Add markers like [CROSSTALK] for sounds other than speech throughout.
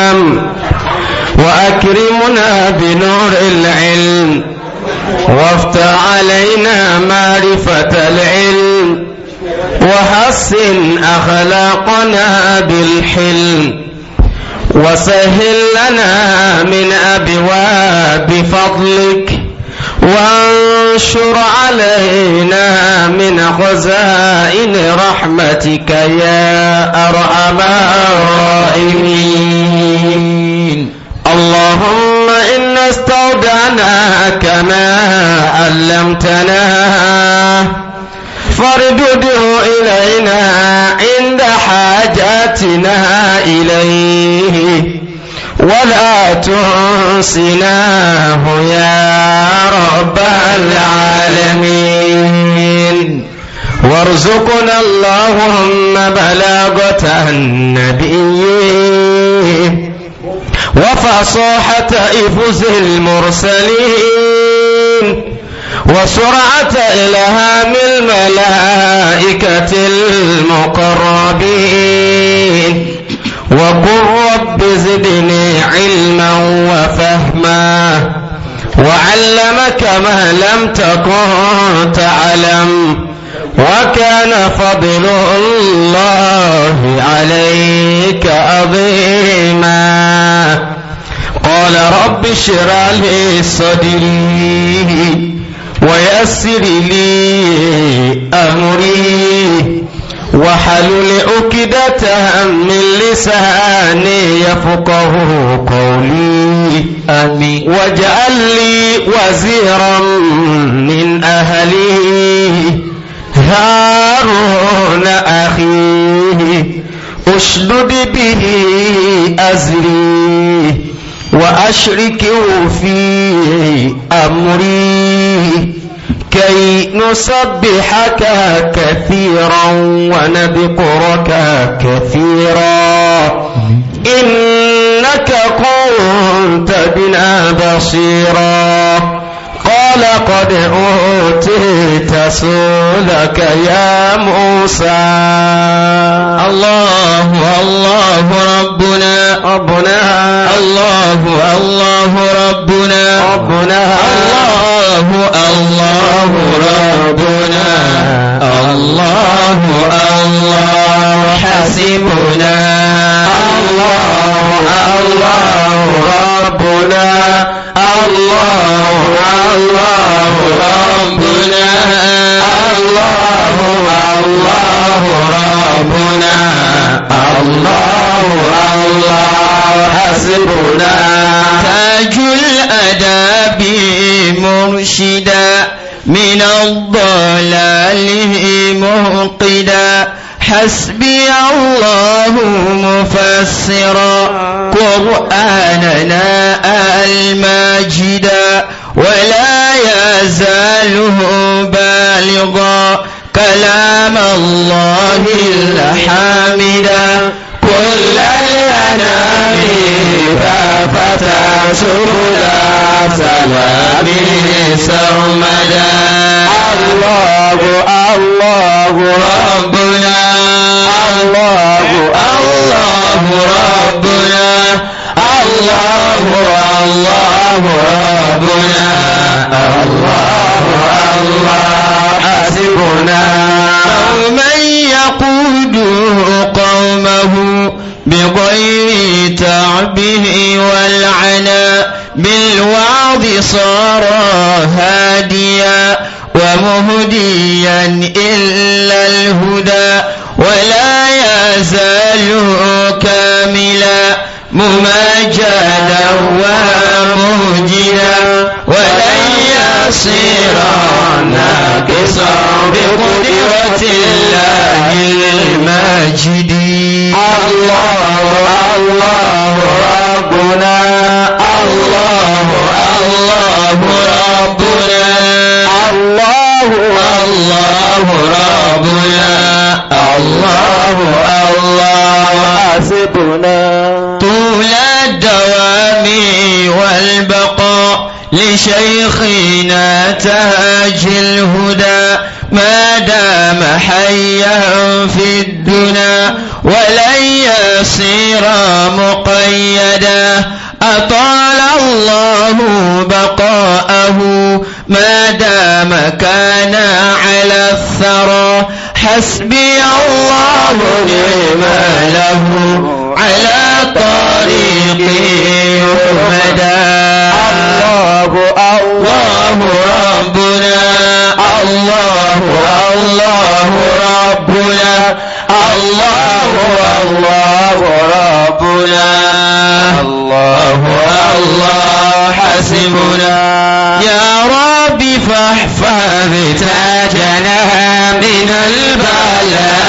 الفهم وأكرمنا بنور العلم وافتح علينا معرفة العلم وحسن أخلاقنا بالحلم وسهل لنا من أبواب فضلك وانشر علينا من خزائن رحمتك يا أرحم الراحمين اللهم إنا استودعناك ما علمتنا فاردده إلينا عند حاجاتنا إليه ولا تنسناه يا رب العالمين وارزقنا اللهم بلاغة النبي وفصاحة إفز المرسلين وسرعة إلهام الملائكة المقربين وقل رب زدني علما وفهما وعلمك ما لم تكن تعلم وكان فضل الله عليك عظيما قال رب اشرح لي صدري ويسر لي امري وحلل عقدة من لساني يفقه قولي آمين واجعل لي وزيرا من أهلي هارون أخي أشدد به أزري وأشركه في أمري كي نسبحك كثيرا ونذكرك كثيرا إنك كنت بنا بصيرا ولقد أوتيت سؤلك يا موسى الله الله ربنا ربنا الله الله ربنا ربنا الله الله ربنا الله الله حسبنا الله الله ربنا Allah Allah ربنا الله الله ربنا الله الله ربنا الله الله حسبنا ومن قومه بغير تعبه والعنى بالوعظ صار هاديا ومهديا إلا قصيرا ناقصا بقدرة الله المجيد بنا تاج الهدى ما دام حيا في الدنا ولن يصير مقيدا أطال الله بقاءه ما دام كان على الثرى حسبي الله نعم له على طريق يهدى الله الله ربنا الله الله ربنا الله الله ربنا الله الله حسبنا يا ربي فاحفظ تاجنا من البلاء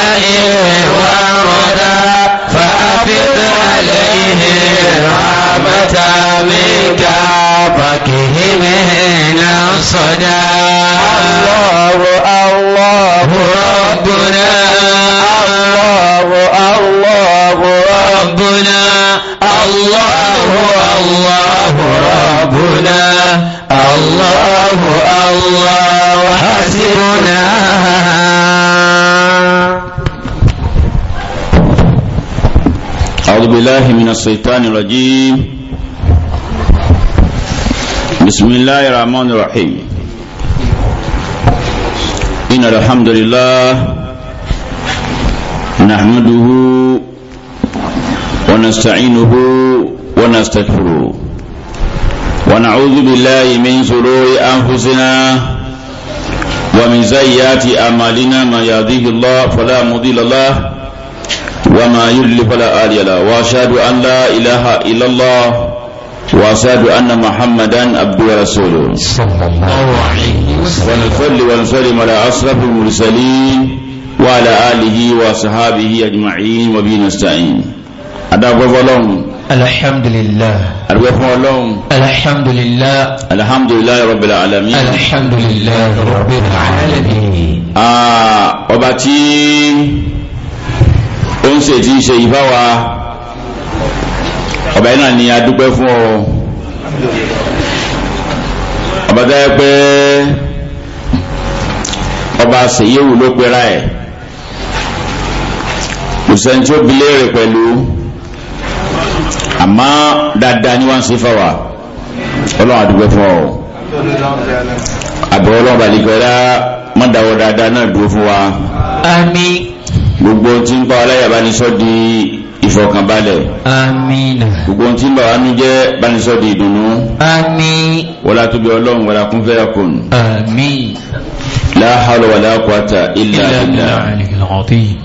الشيطان الرجيم بسم الله الرحمن الرحيم إن الحمد لله نحمده ونستعينه ونستغفره ونعوذ بالله من شرور أنفسنا ومن سيئات أعمالنا ما يهديه الله فلا مضل له وما يضلل فلا هادي له واشهد ان لا اله الا الله واشهد ان محمدا عبده ورسوله صلى الله عليه وسلم ونصلي ونسلم على اشرف المرسلين وعلى اله وصحابه اجمعين وبه نستعين ادعو alhamdulillah àdúgbò fún ọlọ́run alhamdulillah alhamdulillah rabbil alamin alhamdulillah rabbil alamin ọba tí ó ń ṣe tí ń ṣe ìbáwa ọba yìí náà ni a dúpẹ́ fún ọ ọba tó yẹ pé ọba ṣèyíwò ló pera ẹ̀ kò sẹ́ni tí ó bi léèrè pẹ̀lú àmọ́ dáadáa ni wọ́n ṣe fáwa ọlọ́run a dúpẹ́ fún ọ àbẹ̀wò ọlọ́run bàdìgbẹ́lá mọ́dàwọ́ dáadáa náà dúró fún wa. àmín gbogbo tí ń pa aláyà bá ní sọ di ìfọ̀kànbalẹ̀. amina. gbogbo tí ń bà wá nú jẹ́ bá ní sọ di ìdùnnú. àmín. wọlá tóbi ọlọ́run wọlá kún fẹ́ yakun. àmín. la hawla wala quwwata illa billah. àmín.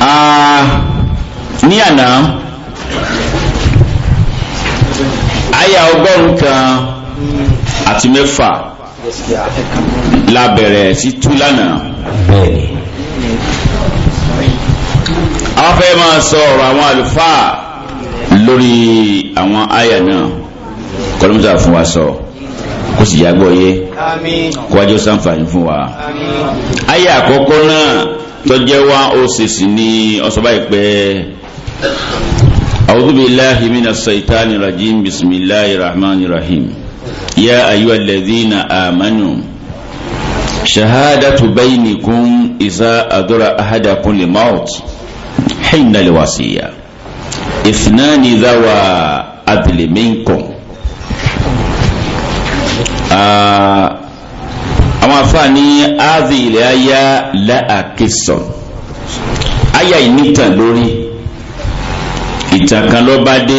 Ah, ní àná àyà ọgọ́rùn kan àti mẹ́fà la bẹ̀rẹ̀ sí tú lánàá àwọn fẹ́ máa sọ ọ̀rọ̀ àwọn àlùfáà lórí àwọn àyà náà kọlọ́mùtà fún wa sọ kó sì yàgbọ́ yé kó wájú sàǹfààní fún wa àyà àkọ́kọ́ náà tọ́jẹ́ wa ó sì sí ní ọ̀sọ́ báyìí pé. أعوذ بالله من الشيطان الرجيم بسم الله الرحمن الرحيم يا أيها الذين آمنوا شهادة بينكم إذا أدرى أحدكم الموت حين الوصية اثنان ذوى عدل منكم أما afáàní áàzì ilẹ̀ ayá láàkísàn ayá ìnítàn lórí ìtàn kan ló bá dé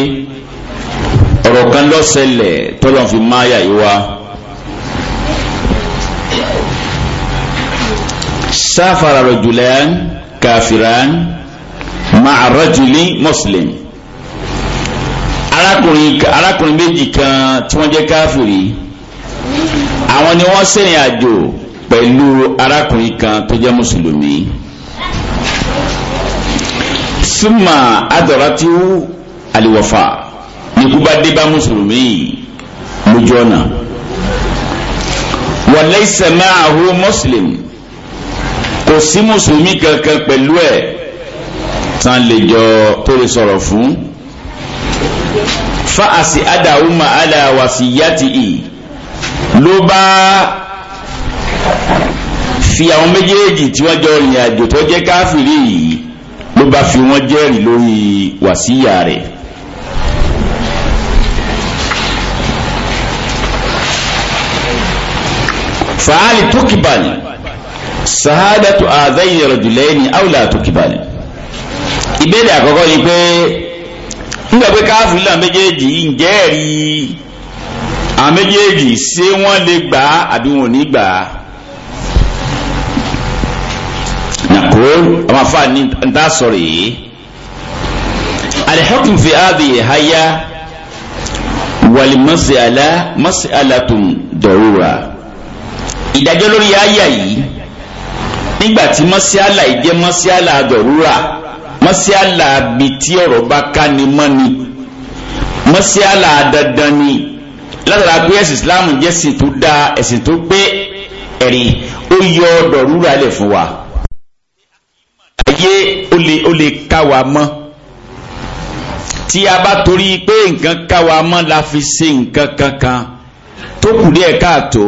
ọ̀rọ̀ kan ló ṣẹlẹ̀ tọ́lọ́ fi máyà yìí wá. sáfàrà rọ̀jùlẹ̀ kàfìrán máa rọ̀jùlẹ̀ mùsùlùmí arákùnrin arákùnrin méjì kan tí wọ́n jẹ́ káfìrí àwọn ni wọ́n ṣèrìn àjò pẹ̀lú arákùnrin kan tó jẹ́ mùsùlùmí. Suma adọ̀rọ̀tíwú àlìwọ̀fà nìkú bá dé bá mùsùlùmí lójú ọ̀nà wa muslim kò sí mùsùlùmí kankan pẹ̀lú ẹ̀ tán lè jọ tó lè sọ̀rọ̀ fún fa'asi adahuma ala wasiyati'i ló bá fi àwọn méjèèjì tí wọ́n jọ rìnrìn àjò tó ló bá fi wọ́n jẹ́rìí lórí wàsíyà rẹ̀. fàálì tókìbàlì sàádàtò àdáyìn rajulaini àwùlà tókìbàlì ìbéèrè àkọ́kọ́ ni pé nígbà pé káàfin náà méjèèjì ń jẹ́rìí àwọn méjèèjì ṣé wọ́n lè gbà á àbí wọn ò ní gbà á. tó àwọn afa ní ntá sọ̀rọ̀ yìí alihakum fi abi haya wali masala masalatun darura ìdájọ́ lórí aya yìí nígbàtí masiala ìjẹ masiala dọrura masiala bi tí ọ̀rọ̀ bá ká ni mọ́ ni masiala dandan ni látara pé ẹ̀sìn islam jẹ́ ẹ̀sìn tó dáa ẹ̀sìn tó pé ẹ̀rí ó yọ dọrura lẹ̀ fún wa ayé ó lè ká wa mọ́ tí a bá torí pé nǹkan ká wa mọ́ la fi ṣe nǹkan kankan tó kù díẹ̀ káàtó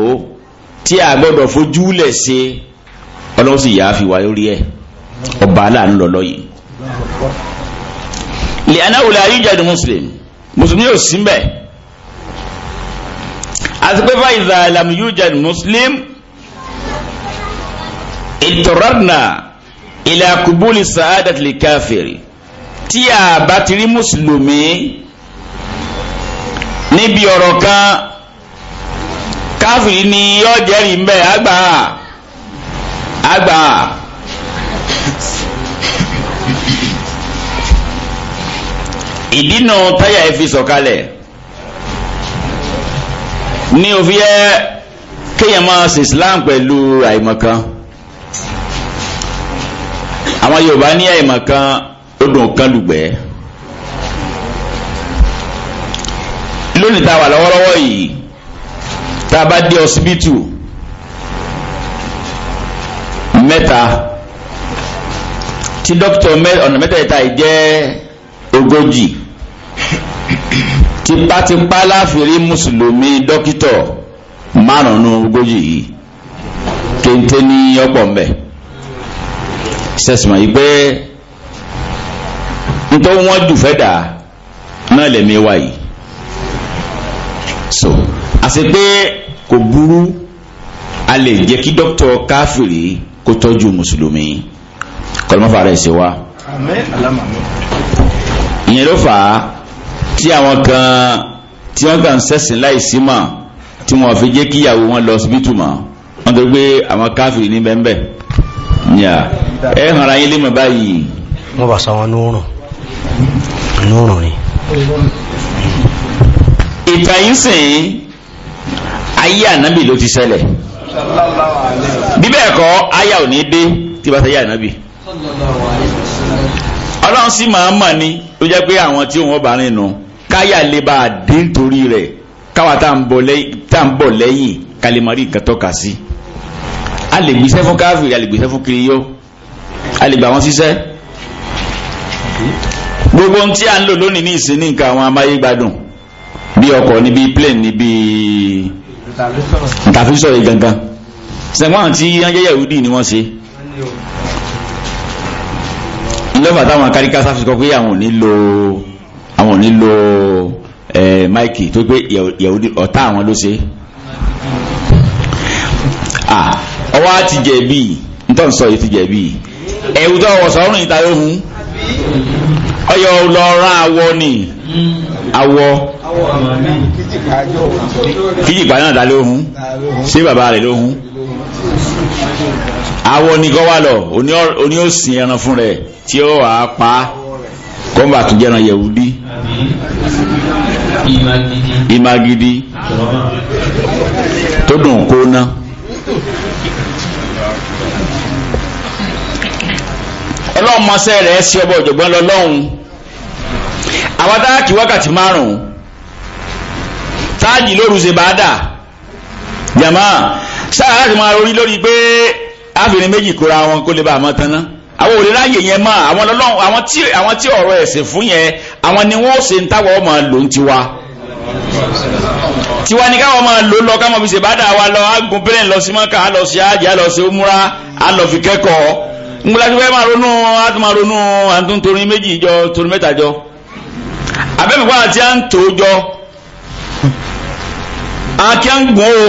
tí a gbọ́dọ̀ fojú lẹ̀ ṣe ọlọ́run sì yáa fi wá lórí ẹ̀ ọba aláàánú lọ́lọ́ yìí. lè anáwòlẹ̀ ayíjáde mùsùlùmí mùsùlùmí ò sí mbẹ̀ àti pé fáyìí zàlámù yóò jáde mùsùlùmí ìtọ́rọ̀nà ila kubuli sa'adat li káfìrì tí a bá ti rí mùsùlùmí níbi ọ̀rọ̀ kan káfìrì ni yóò jẹ́rìí mbẹ́ àgbà àgbà ìdínà táyà ẹ fi sọ̀kalẹ̀ ní òfin kéèyàn máa ṣe Islam pẹ̀lú àìmọ̀kan àwọn Yorùbá ní àìmọ̀ kan odò kan lùgbẹ́ lónìí tá a wà lọ́wọ́lọ́wọ́ yìí tá a bá dé ọsibítù mẹ́ta tí dókítà ọ̀nà mẹ́tẹ̀ẹ̀ta yìí jẹ́ ogójì tipátipá láfìrí mùsùlùmí dókítà márùn ogójì yìí kéńté ní ọ̀pọ̀ mbẹ́ sẹ́sìmọ̀ yìí pé nítorí wọ́n jù fẹ́ dà náà lẹ̀mí wa yìí so àti pé kò burú a lè jẹ́ kí dókítà káfìrí kó tọ́jú mùsùlùmí kọlọ́mọ́fà rẹ̀ ṣe wá. ìyẹn ló fà á tí àwọn kan tí wọ́n kàn sẹ́sìn láìsí mọ̀ tí wọ́n fi jẹ́ kíyàwó wọn lọ síbítù mọ́ wọ́n tó gbé àwọn káfìrí ní bẹ́ẹ̀ bẹ́ẹ̀ ẹ hànra yín lè mọ̀ báyìí wọ́n bá sọ wọn lóòrùn lóòrùn ni ìtàyín sìn ayé ànábì ló ti ṣẹlẹ̀ bíbẹ̀ ẹ̀kọ́ aya ò ní dé tí bá sẹ́yà ànábì ọlọ́run sì máa ń mọ̀ ni ló jẹ́ pé àwọn tí òun ọba rìn nù káyà lè bá a dé nítorí rẹ̀ káwa tá à ń bọ̀ lẹ́yìn kálímọ́rì nǹkan sí a lè gbéṣẹ́ fún káfíìrì a lè gbéṣẹ́ fún kiriyó a lè gbà wọ́n síṣẹ́ gbogbo ohun tí a ń lò lónìí ní ìsìn ní nǹkan àwọn amáyégbádùn bí ọkọ̀ ní plane ní ìtàfíṣọ̀ yìí gangan sẹ́wọ́n tí wọ́n jẹ́ ni wọ́n ṣe lọ́fà táwọn káríká sáfi kọ́ pé àwọn ò ní lo àwọn ò ní lo máìkì tó pé ọ̀tá àwọn ló ṣe ọwọ́ àti jẹ̀bi nítorí sọ yìí ti jẹ̀bi ẹ̀wù tó wọ̀ sọ́run ìta ló mú ọyọ lọ rán awọ ni awọ kíjì ìgbà náà dá lóhun ṣé bàbá rẹ̀ lóhun awọ ni kọ́ wà lọ oní ó sin ẹran fún rẹ̀ tí ó wà á pa kọ́mbà tó jẹ́ran yẹ̀wúdí ìmagidi tó dùn kó ná. ọlọ́run mọ́sẹ́ rẹ̀ sí ọbọ̀ ọ̀jọ̀gbọ́n lọ́lọ́run àwọn dáàkì wákàtí márùn-ún táàjì lóru ṣe bá dà jàmá sáà láti máa rorí lórí pé áfìrin méjì kóra wọn kó lè bá àmọ́ tán ná àwọn òde láàyè yẹn mọ́ àwọn lọ́lọ́run àwọn tí àwọn tí ọ̀rọ̀ ẹ̀sìn fún yẹn àwọn ni wọ́n ṣe ń táwọn ọmọ lò ń tiwa tiwa ni káwọn máa lò lọ káwọn fi ṣèbádà wa lọ agun lọ sí mọ́kà á lọ sí ájà lọ sí umura á lọ fi kẹ́kọ̀ọ́ ngbọ́lájú fẹ́ máa ronú àti máa ronú àtún torin méjì jọ torin mẹ́ta jọ abẹ́mìkọ́ àti à ń tó jọ àti à ń gùn o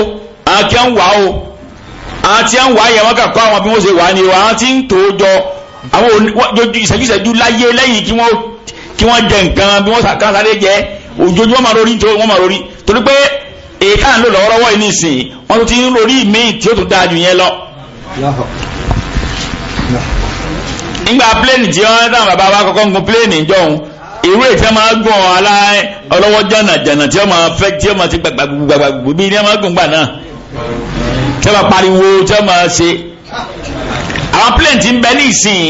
àti à ń wà o àti à ń wà yẹn wọ́n kà kọ́ àwọn bí wọ́n ṣe wà ní o àti ń jọ àwọn ìṣẹ́júṣẹ́jú láyé lẹ́yìn kí wọ́n jẹ nǹkan bí wọ́n sàkán sáré jẹ òjòjú wọ́n máa rori nítorí wọ́n máa rori torí pé èyí tá à lọ́wọ́lọ́wọ́ yìí nìsín wọ́n ti ń rori míì tí ó tún dáa jù yẹn lọ nígbà pléènì tí wọ́n tàn bàbá wa kọ́kọ́ ń gun pléènì jọ̀hún ìwé ìfẹ́ máa gùn ọ́ alá ọlọ́wọ́ jọ̀nà jọ̀nà tí wọ́n máa fẹ́ tí wọ́n máa ti gbàgbàgbàgbà bí ní wọ́n máa gùn gbà náà tí wọ́n máa pariwo tí wọ́n máa ṣe. àwọn pléènì ti ń bẹ ní ìsìn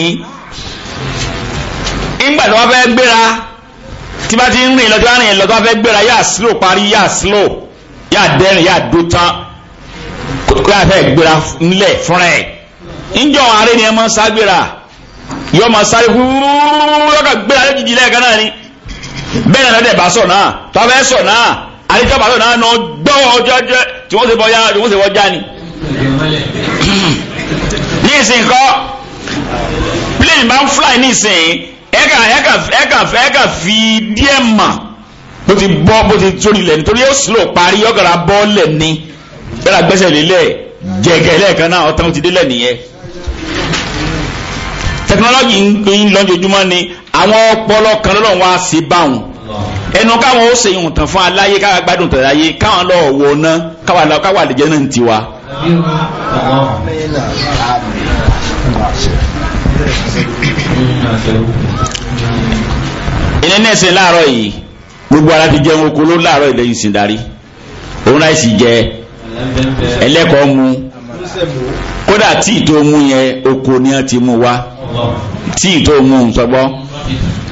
ìgbà tí wọ́n fẹ́ gbéra tí bá ti ń rìn lọ́jọ́ àrìn lọ́jọ́ fẹ́ gbéra yà slow parí yà slow yà dẹ́rìn yà dó tán kó yà fẹ́ gbéra nílẹ̀ fúnra ẹ̀ ńjọ́ àárẹ̀ ni ẹ máa ń ságbéra yọ ma sáré wúrúwúrú yọ ka gbé alẹ́ didi lẹ́ẹ̀kan náà ni bẹ́ẹ̀ náà dẹ̀ bá sọ̀ náà tọ́fẹ́ sọ̀ náà àdìjọba sọ̀ náà nà gbọ́ ọjọ́ ni. ní plane bá fly ní ìsìn ẹ̀ka ẹ̀ka ẹ̀ka ẹ̀ka fi díẹ̀ mà bó ti bọ́ bó ti slow parí ọ̀gàrà ni yàrá gbẹ́sẹ̀ lélẹ̀ jẹ̀gẹ̀ lẹ́ẹ̀kan náà ọ̀tá ó tẹkinọ́lọ́jì ń lọ́jọ́júmọ́ ni àwọn ọpọlọ kan lọ́nà wá sí báwọn ẹnu káwọn ó ṣe ìwòntàn fún aláyé káwọn gbádùn tẹ̀lé ayé káwọn lọ wọ ná káwọn lọ káwọn àlejò náà ń tiwa. ilé náà ṣe láàárọ̀ yìí gbogbo ara ti jẹun oko ló láàárọ̀ ilé yìí sì darí òun láì sì jẹ ẹlẹ́kọ̀ọ́ mu kódà tí ìtò mu yẹn oko ni wọ́n ti mú wa tí ìtò mú un sọgbọ́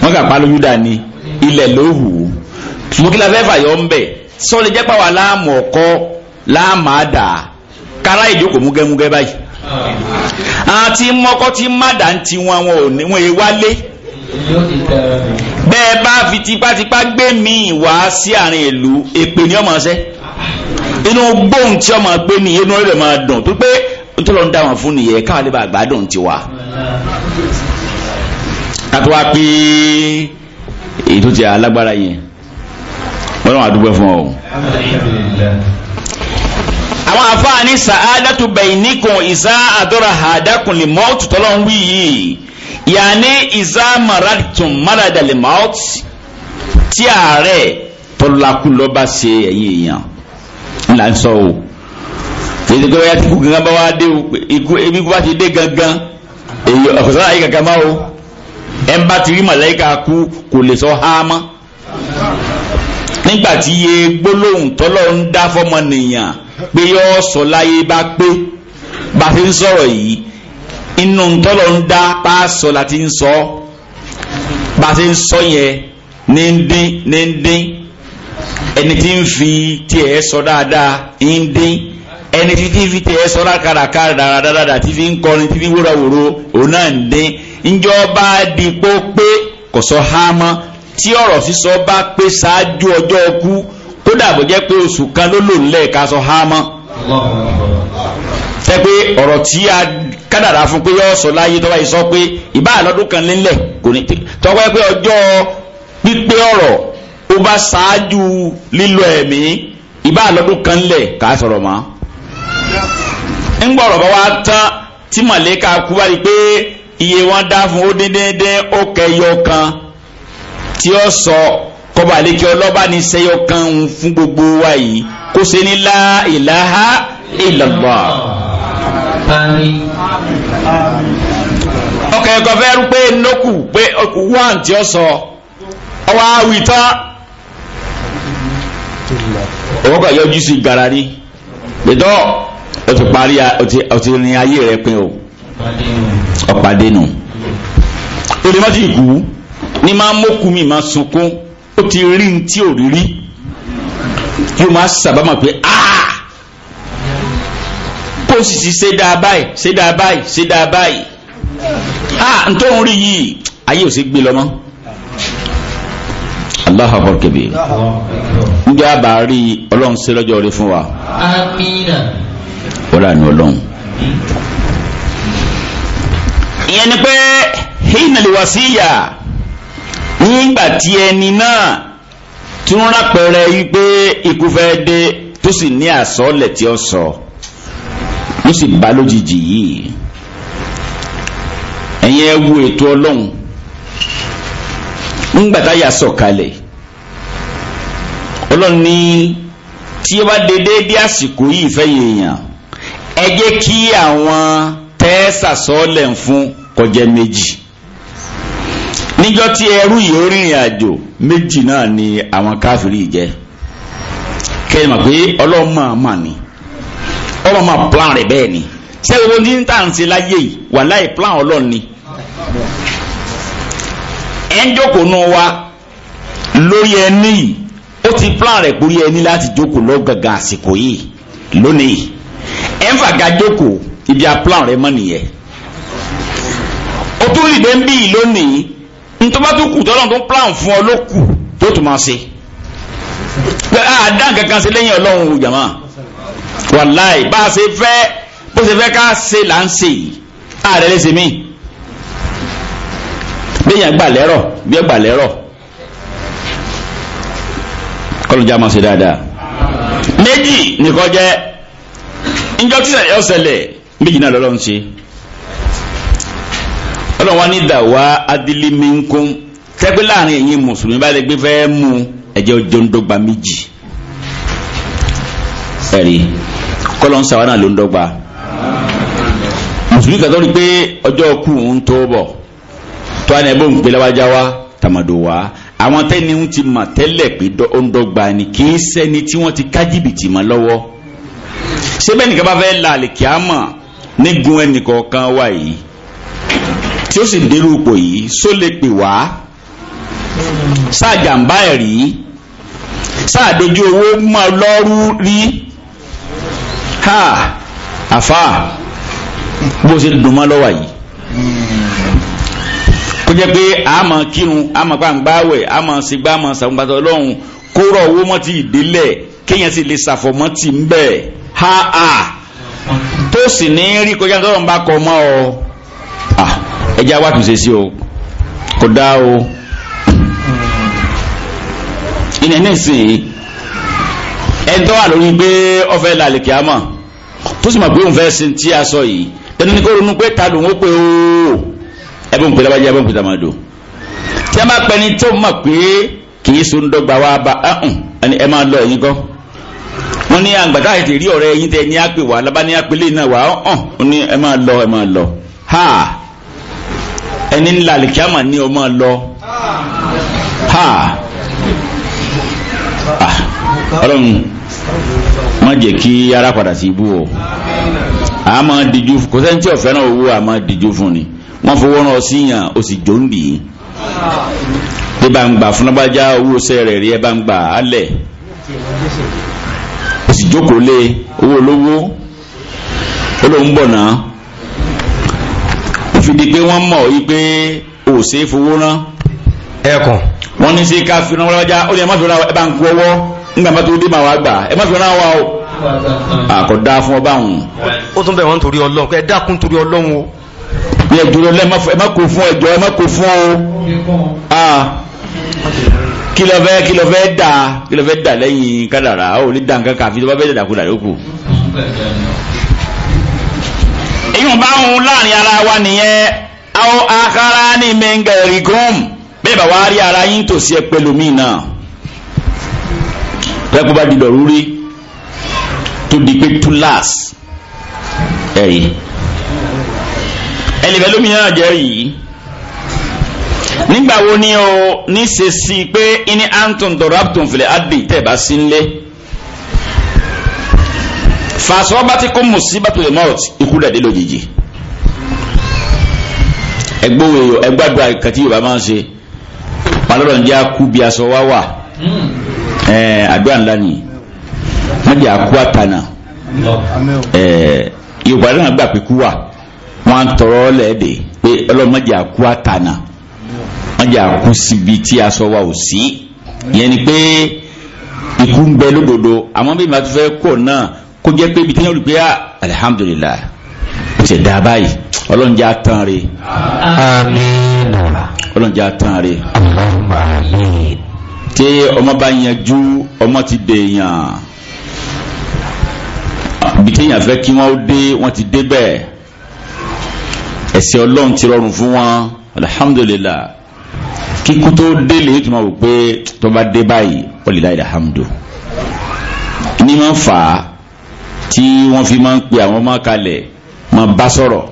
wọ́n kà pálọ́ yúdà ni ilẹ̀ ló hù ú mọ́kílá fẹ́ fàyọ́ ń bẹ̀ sọ́ọ́lẹ̀ jẹ́ pàwọ́ aláàmọ̀ ọkọ́ láàmà dà kárá ìjókòó múgẹ́múgẹ́ báyìí àti mọ́kọ́ tí mádà ń ti wọn wọn ò ní wọn è wálé bẹ́ẹ̀ bá fi tipátipá gbé mi wá sí àárín ìlú èpè ní ọmọ ṣẹ́ inú gbóhùn tí ọmọ gbé ní inú rẹ̀ máa dùn tó pé tó lọ ń dá wọn fún nìyẹn káwọn lè bá gbádùn tiwa. Mm kátó wá pé èyí tó ti alágbára yẹn wọ́n náà wà dúpẹ́ fún ọ. àwọn afáàní sàádàtú bẹ̀yìníkùn ìzá àdọ́rà àdákùn lè mọ́ọ̀tù tọ́lọ́ ń wí yìí yàní ìzá maradùn maradàlè mọ́ọ̀tù tí ààrẹ tọ́lákùn lọ́ bá ṣe ẹ̀yìn èèyàn ńlá ń sọ o tètè pé wáyà tí ikú gangan bá wá dé ikú ebi kú bá ti dé gangan èyí ọ̀kọ̀sọ́ àyè kankan máa o ẹ ń bá ti rí màláìka kú kò lè sọ há mọ́ nígbà tí iye gbólóhùn tọ́lọ́ ń dá fọmọnìyàn pé yọ sọ láyé bá pé bá fi ń sọ̀rọ̀ yìí inú tọ́lọ̀ ń dá páàsọ̀ láti ń sọ bá ti ń sọ yẹn ní ń dín ní ń dín ẹni tí ń fi tiẹ̀ sọ dáadáa ń dín ẹni tí tí fi tẹ ẹ sọ́ra kàràkà dáradára tí fi ń kọrin tí fi ń wúra wòro òun náà ń dín ìjọba dìpọ̀ pé kọ̀sọ́ hámọ́ tí ọ̀rọ̀ sísọ bá pé ṣáájú ọjọ́ ọkú kódà bó jẹ́ pé oṣù kan ló lò nílẹ̀ ká sọ hámọ́ tẹ́ pé ọ̀rọ̀ tí a kádàrá fún pé yọ́ sọ láyé tọ́wá yìí sọ pé ìbá àlọ́dún kan nílẹ̀ kò ní tọ́wọ́ pé ọjọ́ pípé ọ̀rọ̀ ó bá ṣáájú lílọ ẹ̀mí ìbá àlọ́dún kan nílẹ̀ ká sọ̀rọ̀ mọ́ ńgbọ̀rọ̀ bá wá tán tí màlẹ́ka kú wá rí pé iye wọn dá fún ó dín dín ó kẹyọ kan tí ó sọ kọba àlekí ọlọ́ba ní sẹyọ kan fún gbogbo wa yìí kó ṣe ní la ilaha illallah. ọkọ̀ ẹ̀kọ́ fẹ́ rú pé nókù pé ọkù wọ́n tí ó sọ ọwọ́ àwì tán òwò kan yọjú sí garari gbẹdọ́ o ti parí o ti ní ayé rẹ pin o ọ̀pàdé nù òde má ti kú ní máa mókù mi máa sunkún ó ti rí ní tí ò rí rí yóò máa sábàmà pé aaa kó sì ti ṣe dáa báyìí ṣe dáa báyìí ṣe dáa báyìí ah n tó ń rí yìí ayé ò sì gbé lọ mọ́ allah akbar kebir ń jẹ́ àbárí ọlọ́run sí lọ́jọ́ orí fún wa. amina ọlá ní ọlọ́run. ìyẹn ni pé hinaliwasiya nígbà tí ẹni náà tí wọ́n rápẹrẹ wípé ikú fẹ́ dé tó sì ní àsọlẹ̀ tí ó sọ ó sì bá lójijì yìí ẹ̀yin ẹ wo ètò ọlọ́run ńgbàtá yà sọ̀kalẹ̀ ọlọ́run ní tí ó bá dédé dé àsìkò yìí fẹ́ yèèyàn ẹ jẹ́ kí àwọn tẹ́ẹ̀sà sọ́ọ̀lẹ̀ ń fún kọjá méjì níjọ́ tí ẹrú yìí rìnrìn àjò méjì náà ni àwọn káfírí jẹ́ kẹ́yìn mọ̀ pé ọlọ́run máa mà ní ọlọ́run máa plan rẹ̀ bẹ́ẹ̀ ni ṣé gbogbo ní ní tàǹsí láyé yìí wà láì plan ọlọ́run ni ẹ̀ ń jókòó nù wa lórí ẹni yìí ó ti plan rẹ̀ kúrí ẹni láti jókòó lọ́gàgà àsìkò yìí lónìí ẹ̀ ń fàgà jókòó ibi aplan rẹ mọ́ nìyẹn o tún lè dé ń bí lónìí ntọ́ba kù tọ́lọ́n tó ń plan fún ọ ló kù tó tún máa ṣe pé àdá kankan ṣe lẹ́yìn ọlọ́run o jàmá wàláì bá a ṣe fẹ́ bó ṣe fẹ́ ká ṣe là ń ṣe yìí ààrẹ lè ṣe mí bẹ́yìn àgbà lẹ́rọ̀ bí ẹgbà lẹ́rọ̀ kọ́lùjá máa ṣe dáadáa méjì nìkan jẹ́ njọ́ tí sẹ̀lẹ̀ ọ̀sẹ̀lẹ̀ méjì náà lọ́lọ́run ṣe ọlọ́run wa ní dàwa adiliminkum tẹ́gbẹ́ láàrin ẹ̀yin mùsùlùmí bá lè gbé fẹ́ mú ẹ̀jẹ̀ ọjọ́ ń dọ́gba méjì ẹ̀rí kọ́lọ́n sàwọn náà ló ń dọ́gba mùsùlùmí kàtọ́ rí pé ọjọ́ ọkù ń tó bọ̀ tó a ní ẹbí òun pé láwájá wa tàmàdò wa àwọn tẹ́ni ń ti mà tẹ́lẹ̀ pé ó ń dọ́gba ni kì í sẹ́ni tí wọ́n ti ká jìbìtì mọ́ lọ́wọ́ síbẹ̀ nìkan bá fẹ́ la àlèkè àmọ̀ nígun ẹnìkọ̀ọ̀kan wa yìí tí ó sì dérú ipò yìí só lè pè wá sáàjàmbá ẹ̀ rí sáàdójú owó mọ́ lọ́rú rí ha àfa bó ṣe dùn mọ́ lọ́wọ́ yìí kó jẹ́ pé àmọ́ kírun àmọ́ pàǹgbáwẹ̀ àmọ́ sígbà àmọ́ sàǹgbàtọ̀ ọlọ́run kó rọ̀ owó mọ́ ti ìdílẹ̀ kéèyàn sì lè ṣàfọ̀mọ́ ti ń bẹ́ẹ̀ ha a tó sì ní rí kọjá tọ́lọ̀ ń bá kọ mọ́ ọ ẹjẹ́ wa tún ṣe sí o kò dá o ìyẹn nísìnyí ẹni tó wà lórí pé ọfẹ́ làlẹ̀ kíámọ̀ tó sì mọ̀ pé òun fẹ́ sin tí a sọ yìí tẹnu ní kó ronú pé ta lòun ó pé o ẹbùn pé lábàjẹ́ ẹbùn pé tàmádò tí a máa pẹni tó mọ̀ pé kì í so ń dọ́gba wa bá ẹni ẹ máa lọ ẹ̀yin gan. wọ́n ní àgbàtà ètè rí ọ̀rẹ́ yín tẹ ní àpè wá lábá ní àpèlé náà wá hàn ó ní ẹ máa lọ ẹ máa lọ ha ẹni ńlá àlìkíámà ni ọ máa lọ ha ah, ọlọ́run má jẹ́ kí ara padà sí ibú o a máa dìjú kò sẹ́ni tí ọ̀fẹ́ náà owó a máa fún ni wọ́n fowó rán ọ síyàn o sì jó ń bì í bí bá ń gbà fúnabájá owó sẹ́rẹ̀ rí ẹ bá ń gbà á lẹ̀. sì jókòó lé owó olówó ó lóun bọ̀ náà ó fi di pé wọ́n mọ̀ yí pé ò ṣe é fowó rán ẹ̀kùn wọ́n ní sí ká fi rán wọ́n lọ́jà ó ní ẹ má fi rán ẹ bá ń kú ọwọ́ nígbà má tó dé màá wá gbà ẹ má fi rán wa o àkọ́dá fún ọba òun. ó tún bẹ̀ wọ́n torí ọlọ́run ẹ dákun torí ọlọ́run o. bí ẹjọ́ lọ ẹ má kó fún ẹjọ́ ẹ má kó fún o kí lọ fẹ́ kí lọ fẹ́ dà kí lọ fẹ́ dà lẹ́yìn kádàrà ó lè dà nǹkan kàfi tó bá fẹ́ dà kú dàrí ó kù. ìyún bá ń láàrin ara wa nìyẹn àwọn akara ní mẹ́ngẹ̀rì grom bẹ́ẹ̀ bá wá rí ara yín tòsí ẹ pẹ̀lú mi náà tẹ́kù bá di dọ̀rú tó di pé túláàs ẹ̀yìn ẹ̀lẹ́bẹ̀ lómìnira jẹ́ yìí nígbàwo ni o ní ṣe sí i pé ini anton dorapton filẹ̀ adi tẹ̀bá sí nlé fasọ́ba ti kó musibatu lè mọ́ọ̀t ikú dẹ̀ dé lójijì ẹgbọ́wé ẹgbàdo àkàtì yorùbá máa ń ṣe palọ́dọ̀ ń jẹ́ akú bí aṣọ wá wà hmm. àdúrà ńlá ni wọ́n jẹ́ akú àtànà yorùbá náà gbà pé kú wà wọ́n á tọrọ lẹ́ẹ̀dẹ̀ pé ọlọ́mọdé akú àtànà wọ́n jà kú síbi tí aṣọ wa ò sí yẹn ni pé ikú ń bẹ lódodo àmọ́ bí màá tún fẹ́ kọ̀ náà kó jẹ́ pé ibi tí wọ́n rí pé ah, alihamudulilayi ó sì dá báyìí ọlọ́run jẹ́ àtàn rẹ̀ àmín ọlọ́run jẹ́ àtàn tí ọmọ bá yanjú ọmọ ti dèèyàn ibi tí fẹ́ kí wọ́n dé wọ́n ti débẹ̀ ẹ̀sẹ̀ ọlọ́run ti rọrùn fún wọn alihamudulilayi kíkú tó délé yóò máa wò pé tó bá dé báyìí ọlẹ́lá ìdáhàmdù ní máa fà á tí wọ́n fi máa ń pe àwọn ọmọ kalẹ̀ máa bá sọ̀rọ̀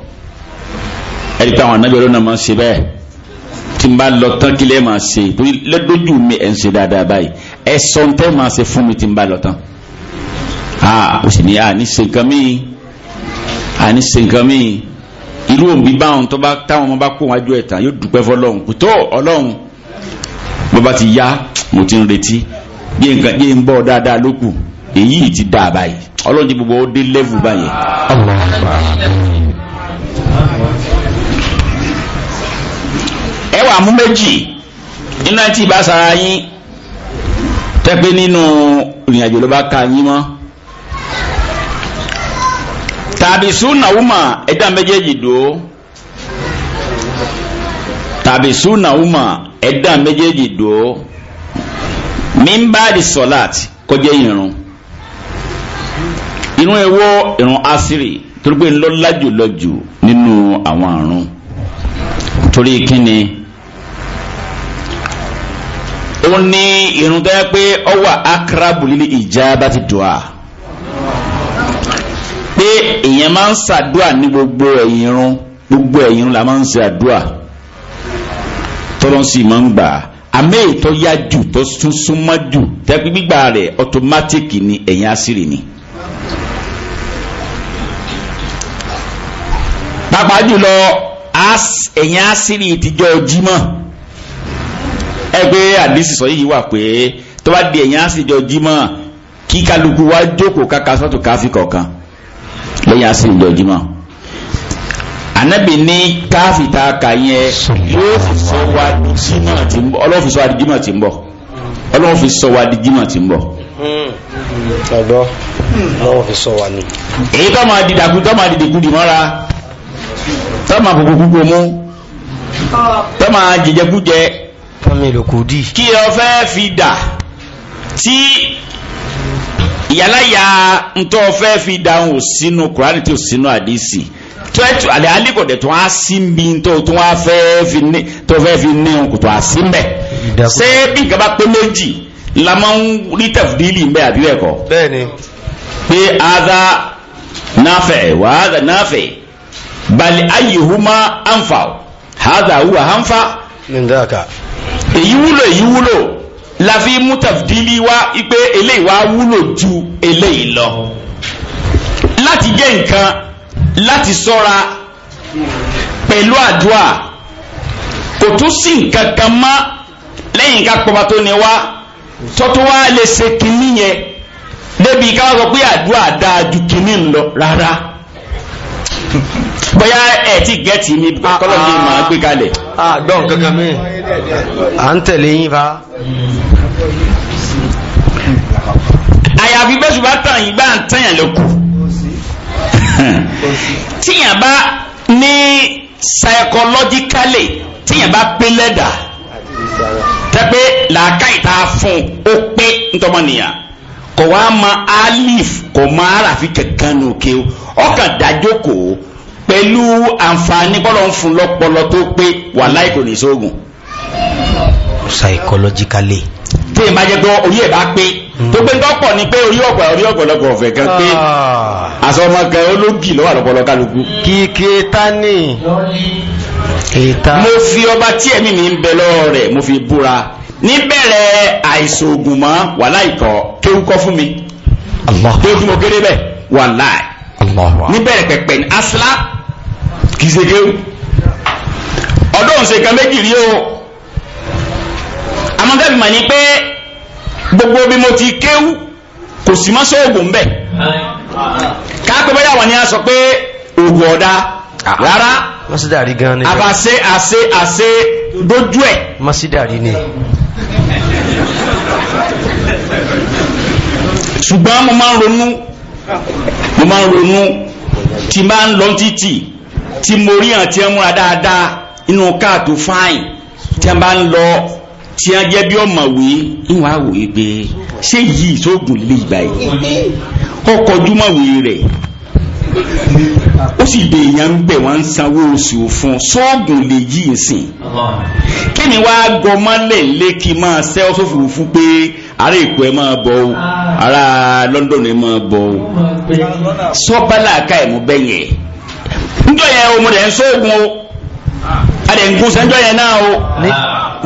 ẹni pé àwọn anábìyàn náà máa ń ṣe bẹ́ẹ̀ tí n bá lọ tán kí lẹ́ẹ̀ máa ṣe torí lọ́dọ́jú mi ẹ̀ ń ṣe dáadáa báyìí ẹ sọ ń tẹ́ máa ṣe fún mi tí n bá lọ tán ó sì ní àní ṣe nǹkan míì àní ṣe nǹkan míì irú òbí báwọn tó bá táwọn ọmọ bá kó wájú ẹ̀ tán yóò dúpẹ́ fọlọ́hún kò tó ọlọ́hún bọ́bá ti yá mo ti ń retí bí nǹkan bí n bọ́ dáadáa ló kù èyí ti dà báyìí ọlọ́run ti gbogbo ó dé lẹ́vù báyìí. ẹ wà mú méjì iná tí ì bá sara yín tẹ́pẹ́ nínú ìrìnàjò ló bá ka yín mọ́ tàbí súnà wúmà ẹ̀dá méjèèjì dò tàbí súnà wúmà ẹ̀dá méjèèjì dùn ó mímbáàdì sọ̀láàtì kọjá ìrun ìrun èwo ìrun asiri torí pé ńlọ lájùlọjù nínú àwọn àrùn torí kíni ó ní ìrun tó yẹ pé ọ wà akarabu lílé ìjábá ti dùn á pé èèyàn máa ń ṣàdúà ní gbogbo ẹ̀yìn irun gbogbo ẹ̀yìn irun la máa ń ṣe tọ́lọ́ sì máa ń gbà á àmì ètò yá jù tó súnmọ́ jù tẹ́pẹ́ gbígbà rẹ̀ ọ̀tọ́mátìkì ni ẹ̀yìn àṣírí ni. pàápàá jùlọ ẹ̀yìn àṣírí ìtijọ́ jímọ̀ ẹgbẹ́ àdìsí sọ yìí wà pé tó bá di ẹ̀yìn àṣírí ìjọ jímọ̀ kí kálukú wá jókòó káka sọ́tò káfí kọ̀ọ̀kan lẹ́yìn àṣírí ìjọ jímọ̀ ànábì ní káfíta kàyẹn yóò fi sọ wa di jímọ̀ tí ń bọ̀ ọlọ́run fi sọ wa di jímọ̀ tí ń bọ̀ ọlọ́run di jímọ̀ tí ń bọ̀. ọ̀dọ́ ọlọ́run fi sọ wa ni. èyí tó máa dìdàkú tó máa dìdìkú dì mọ́ra tó máa kókó kúkú mú tó máa jẹjẹkújẹ kí ọ fẹ́ fi dà tí ìyálàyà ntọ́ fẹ́ fi dà ń wò sínú kùránì sínú àdìsí. twenty ale aliko de tun a simbi to tun a fɛ fi ne to fɛ fi ne gaba pe meji lamɔn litafu dili n bɛ a bi bɛ kɔ. bɛɛni. pe nafe. nafɛ wa aza nafɛ bali ayi huma anfa aza wa anfa. nin da ka. èyí e wúlò e èyí wúlò lafi mutafu dili wa ipe eléyìí wa wúlò ju eléyìí lɔ Lati jẹ nǹkan. láti sọ́ra pẹ̀lú àdúà kò tún sí nǹkan kan mọ́ lẹ́yìn ká pọba tó ní wá tọ́tún wá lè ṣe kínní yẹn débi ká sọ pé àdúà dáa ju kínní lọ rárá bóyá ẹ ti gẹ́ẹ̀tì mi ah, kọ́lọ̀ ní ìmọ̀ ah. gbé kalẹ̀. àgbọ̀n ah, kankan mi à ń tẹ̀lé yín fa. àyàfi bẹ́sù bá tàn yín gbà ń tàn yàn tíyàn bá ní psychologically tíyàn bá pé lẹ́dà tẹ́pẹ́ làákà ìta fún ó pé ntọ́mọnìyàn kò wá ma alif kò ma arafi kankan nù kí o ọkàn dájókòó pẹ̀lú àǹfààní bọ́lọ̀ ń fún lọ́pọlọ tó pé wà láìkò ní sóògùn psychologically tí ìbá jẹ́ pé orí ẹ̀ bá pé tó pé tọ́pọ̀ ni pé orí ọ̀pọ̀ orí ọ̀pọ̀lọpọ̀ ọ̀fẹ́ kan pé ah. àsọmọ kan ológì lọ́wọ́ àlọ́pọ̀lọ kálukú. kíkẹ́ ta ni mo fi ọba tí ẹ̀mí mi ń bẹ lọ́wọ́ rẹ̀ mo fi búra níbẹ̀rẹ̀ àìsàn ògùn mọ́ wàhálà ìkọ́ kéwúkọ́ fún mi kéwú tí mo kéré bẹ̀ wàhálà níbẹ̀rẹ̀ pẹ̀pẹ̀ ní asla kì í ṣe kéwú ọdún ṣe kan méjì rí o amọ̀tẹ́bí mà gbogbo bí mo ti kéwú kò sí mọ́ sóògùn bẹ́ẹ̀ káàkó bẹ́ẹ̀ àwọn ni a sọ pé ògùn ọ̀dà ah. rárá masidari gan ni àbàṣe àṣe àṣe dojú ẹ̀ masidari ni ṣùgbọ́n mo máa ń ronú mo máa ń ronú tí máa ń lọ títì tí mo rí àti ẹmúra dáadáa inú káàtó fáìn tí a bá ń lọ tí a jẹ́ bí ọmọ wé ìwà wé ebe ṣé yìí sóògùn lílé ìgbà yìí ọkọ̀ ojúmọ̀ rẹ̀ ó sì dè èèyàn bẹ̀ wọ́n ń sanwó oṣù fún sóògùn lè yí ìsìn kí ni wàá gbọmọlẹ̀ lẹ́kì máa ṣẹ́ ọ́sọ́fù fún pé èkó ẹ máa bọ̀ London ẹ máa bọ̀ o ń a ń gún sẹ́ńjọ́ yẹn o.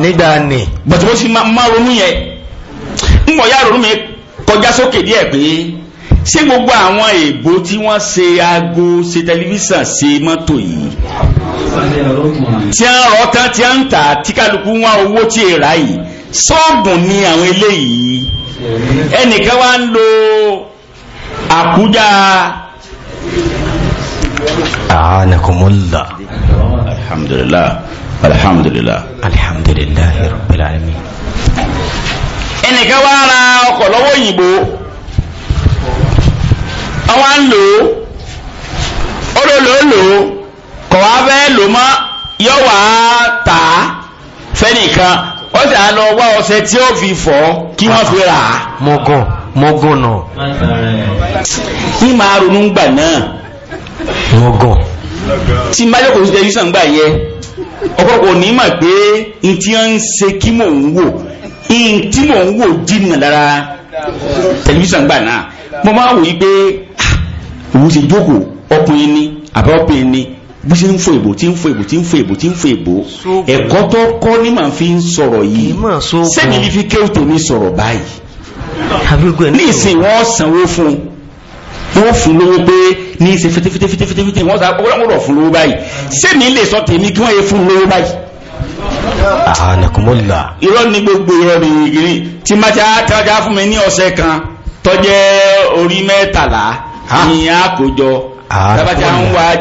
nígbà nì. bọ̀tí mo ti máa ronú yẹn ń wọ̀ yá ronú mi kọjá sókè díẹ̀ pé ṣé gbogbo àwọn èèbó tí wọ́n ṣe aago ṣe tẹlifíṣàn ṣe mọ́tò yìí tí ń rọ tán tí ń tà tí kálukú wọn owó tí èèrà yìí sọ́ọ̀bù ni àwọn eléyìí ẹnìkan wá ń lo àkújá àánàkùnmọ́lá alhamdulillah الحمد لله الحمد لله رب العالمين ra ọkọ̀ lọ́wọ́ òyìnbó ọwọ́ ń lò ó ó lò lò lò kọ̀ wá fẹ́ lò mọ́ yọ wá tà á fẹ́nìkan ó sì á lọ wá ọṣẹ tí fi fọ̀ kí wọ́n fi rà á. mọ́gàn mọ́gàn náà. ní màá ronú gbà náà. mọ́gàn. tí ti tẹ̀lé sàn gbà ọ̀pọ̀lọpọ̀ ní mà pé n tí wọ́n ń ṣe kí mò ń wò n tí mò ń wò jìnnà lára tẹlifíṣàn gbà náà mo máa wò yí pé ah, òun ṣe jókòó ọkùnrin ni àbá ọkùnrin ni bó ṣe ń fò èbò tí ń fò èbò tí ń fò èbò tí ń fò èbò ẹ̀kọ́ tó kọ́ ní màá fi ń sọ̀rọ̀ yìí sẹ́ni ní fi kéwù tó ní sọ̀rọ̀ báyìí ní ìsìn wọ́n sanwó fún un wọ́n fún lówó pé ní ṣe fitafitafitafita wọ́n sá ọgbọ́n rọ̀ fún lówó báyìí sẹ́mi lè sọ tèmi kí wọ́n yẹ fún lówó báyìí. ànàkùnmọ́lá. irọ́ ni gbogbo irọ́ ni gírí tí má ti àtàjà fún mi ní ọ̀sẹ̀ kan tọ́jẹ́ orí mẹ́tàlá ní àkójọ tábà tí a ń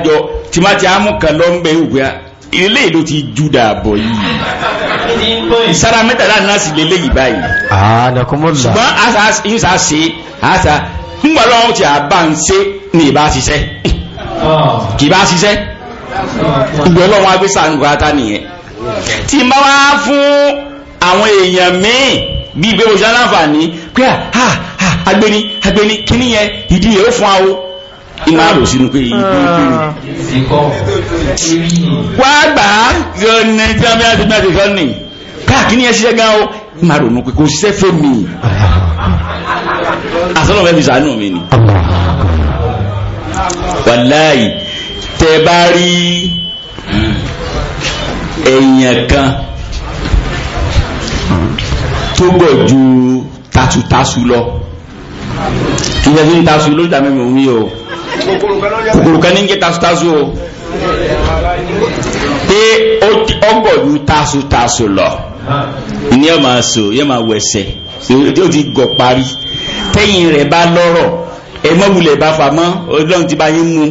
jọ tí má ti àmú kan lọ ń bẹ ìwé ilé ìlú ti jù dàbọ̀ yìí ìsára mẹ́tàlá náà sì lélẹ́yìí báyìí. ànàkùnmọ́lá. ṣùgbọ́n ńgbà lọ́wọ́ ah. ti àbá ń ṣe ní ìbá ṣiṣẹ́ kì bá ṣiṣẹ́ ìgbẹ́ lọ́wọ́ agbésà ń gbáta nìyẹn tí n bá wá fún àwọn èèyàn míì bí ìgbé oṣù aláǹfààní pé à agbéni agbéni kíní yẹn ìdí yẹn ó fún wa o iná àrò sínú pé ìgbé ìgbé wá gbà á yọ ní tí wọ́n bí wọ́n ti gbà ti káàkiri yẹn ṣiṣẹ́ gan o máa ronú pé kò ṣiṣẹ́ fẹ́ mi. [LAUGHS] àsọ́nà ah, fẹ́ fi sàánù mi ni wàláì tẹ bá rí èèyàn kan tó gbọ̀ ju tasutasu lọ kí ló fi ń tasu ló dàmí mi wí o kòkòrò kan ní ń tasutasu o pé ọgbọ̀ ju tasutasu lọ ní ẹ̀ máa so yẹ́ máa wẹ̀sẹ̀ tí ó ti gọ̀ parí tẹ́yìn rẹ̀ bá lọ́rọ̀ ẹ mọ́ wulẹ̀ bá fà mọ́ ọlọ́run ti bá yín mú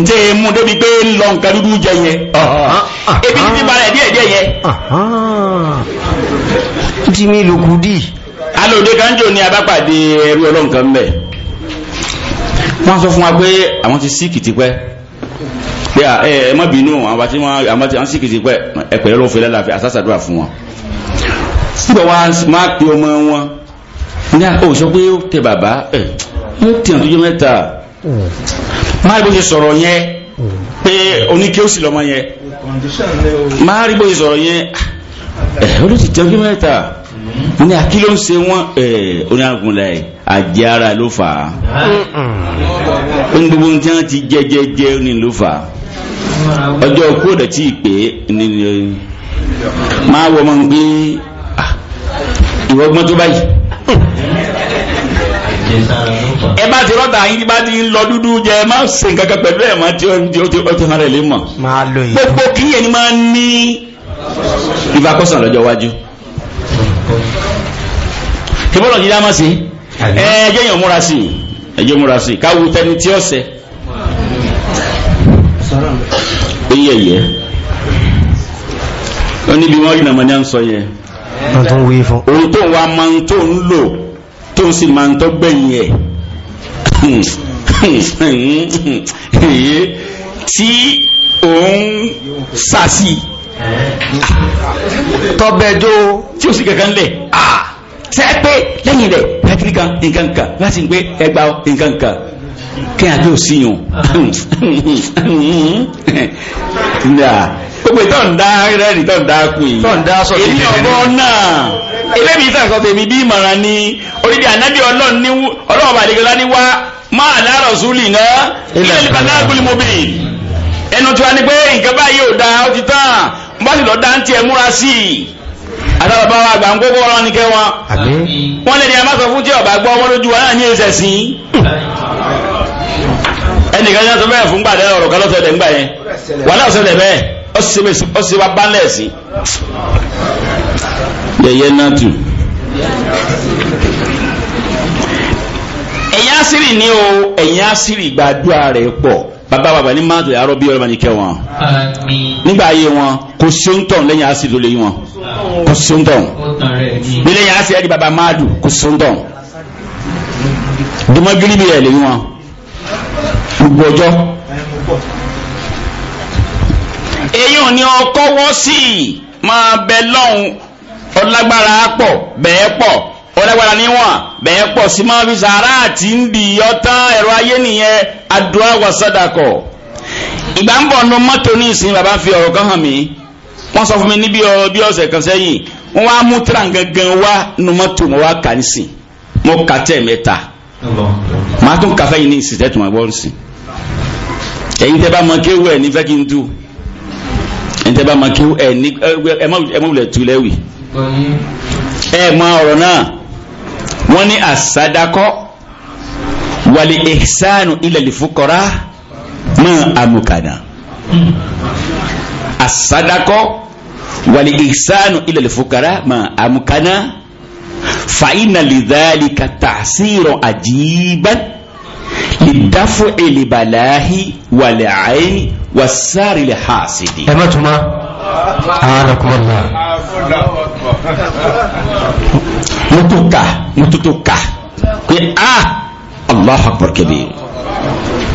n tẹ́ ẹ mú débi pé ń lọ nǹkan dúdú jẹ yẹn ebi ti bá rẹ̀ díẹ̀ díẹ̀ yẹn. ti lukudi. alóde kanjo ni abápàdé ẹrú ọlọ́run kan bẹ̀ wọ́n sọ fún wa pé àwọn ti síkì tipẹ́ pé ah, ẹ má bínú àwọn àti àwọn síkì tipẹ́ ẹ pẹ̀lú ọlọ́run fẹ́lẹ́ láfi àsásàdúrà fún wọn. síbẹ̀ wá máa pe ọmọ wọn ní àpò sọ pé ó tẹ bàbá ẹ yóò tẹ ọdún yóò mẹ́ta máa bó ṣe sọ̀rọ̀ yẹn pé oníkẹ́ ó sì lọ́mọ yẹn máa rí bó ṣe sọ̀rọ̀ yẹn ẹ ó ló ti tẹ ọdún mẹ́ta ní àkí ló ń ṣe wọ́n ẹ oníyàgùnlẹ̀ àjẹ ara ló fà á ó ní gbogbo ohun ti jẹ ní ló fà á ọjọ́ kú ọ̀dẹ̀ tí ì pé ní máa wọ́n mọ́ gbé ìwọ́gbọ́n tó báyìí ẹ bá ti rọ́dà yín bá ti ń lọ dúdú jẹ ẹ má ṣe nǹkan kan pẹ̀lú ẹ̀ mọ́ tí ó ti hàn rẹ̀ lé mọ̀ gbogbo kí ẹni máa ní ìfakọ́sàn lọ́jọ́ iwájú kìbọ́lọ̀ yìí dámọ́ sí ẹjẹ́ yàn múra sí ẹjẹ́ múra sí káwù tẹni tí ó sẹ ó yẹ̀yẹ́ ó níbi wọ́n rí nàmọ́ à ń sọ yẹn òun tó wa máa ń tó ń lò tó ń sì máa ń tọ́ gbẹ̀yìn ẹ̀ tí òun sàsì tọ́bẹ̀jọ́ tí ó sì kankan lẹ̀ tẹ́ pé lẹ́yìn rẹ̀ pẹ́kìrì kan nǹkan láti gbé ẹgbà nǹkan kan kí àjọ síyàn. [LAUGHS] pé tọ́ ń dá rẹ́rì tọ́ ń dá kù yìí tọ́ ń dá èmi ọgbọ́n náà ni orílẹ̀ ànábì ọlọ́run ní ọlọ́run bá àdégbélá ní wá máa láàrọ̀ súlì náà ilé ìbàdàn àgbélé mobil ẹnu tí wàá ní pé nǹkan báyìí ò dáa ó ti tán bá lọ dá ń tiẹ̀ múra sí i àtàwọn bàbá àgbà ń kókó ọlọ́run ní kẹ́ wọn wọn lè ní a má sọ fún tí ọba gbọ́ wọn lójú náà ní ọ̀sẹ̀ wa balẹ̀ sí. yẹyẹ náà tù. ẹ̀yìn asiri ni o ẹ̀yìn asiri gbàdúrà rẹ̀ pọ̀ bàbá bàbá ní máàdùn yàrá bí ọlọ́mọ ní kẹ́ wọn. nígbà ayé wọn kò sí ń tàn lẹ́yìn asiri ló lè yín wọn kò sí ń tàn. bí lẹ́yìn asiri ẹ̀dí bàbá máàdùn kò sí ń tàn. dùmọ́gírí bí ẹ̀ lè yín wọn. gbogbo ọjọ́. eyín ni ọkọ sí i máa bẹ ọdụlagbara ọlágbára pọ bẹ́ẹ̀ pọ ọlágbára níwọ̀n bẹ́ẹ̀ pọ sí máa fi sàárà àti ń di ọtán ẹ̀rọ ayé nìyẹn àdúà wa sàdákà ìgbà ń bọ̀ nu mọ́tò ní ìsìn bàbá fi ọ̀rọ̀ kan hàn mí wọ́n sọ fún mi ní bí ọ̀sẹ̀ kan sẹ́yìn wọ́n wá mú tíra gangan wá nu mọ́tò mo wá kà nísìn mo kà tẹ̀ mẹ́ta màá tún kà fẹ́yìn ní ìsìn tẹ́tùmọ̀ ẹ̀gbọ́n sìn ẹ̀yin tẹ́ bá mọ kéwù ẹ̀ nífẹ̀ẹ́ kí n ntẹ bá máa kí ẹ ní ẹ má wulẹ̀ tu lẹ́wì. ẹ mọ ọ̀rọ̀ náà wọ́n ní àsádakọ́ wàlí ìsánù ilẹ̀ lìfukọ́ra náà amukana. àsádakọ́ wàlí ìsánù ilẹ̀ lìfukọ́ra amukana fàyínà lìdáàlì ka tàṣírọ̀ àjíbá lìdáfọ̀ èlìbàláhi wàlẹ̀ àyìn wàsáàrì lè ha sídì ẹ mẹ́tùmá ààrẹ̀kùnmọ́lá mútútà mútútúkà pé a ah, Allahu Akbar kẹbí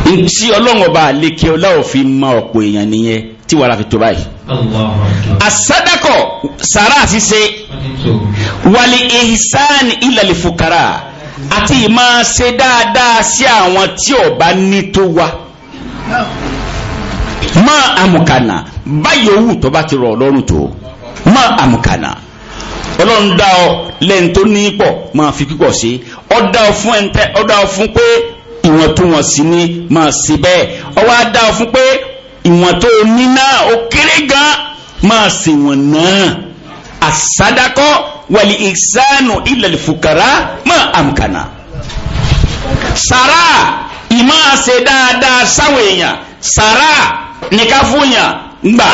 tí ọlọ́wọ́ bá lékẹ́ ọláòfin ma ọ̀pọ̀ èèyàn nìyẹn tí wàrà fi tó báyìí asádàkọ̀ sàrà àṣìṣe wàlì ihsan ilàlè fukara àti ìmáa ṣe dáadáa sí àwọn tí ó ní tó wa má amùkànà báyìí owó tó bá ti rọ̀ ọlọ́run tó má amùkànà ọlọ́run dá ọ lẹ́yìn tó ní pọ̀ máa fi pípọ̀ sí ọ dá ọ fún ẹntẹ́ ọ dá ọ fún pé ìwọ̀n tó wọ̀n sí ni máa sí bẹ́ẹ̀ ọ wá dá ọ fún pé ìwọ̀n tó ní náà ó kéré gan máa sì wọ̀n náà àsádàkọ́ wàlí ìsánù ilẹ̀ fùkàrà má àmùkànà sàrà ìmáa ṣe dáadáa sáwọn èèyàn sàrà ní ká fúnyàn gbà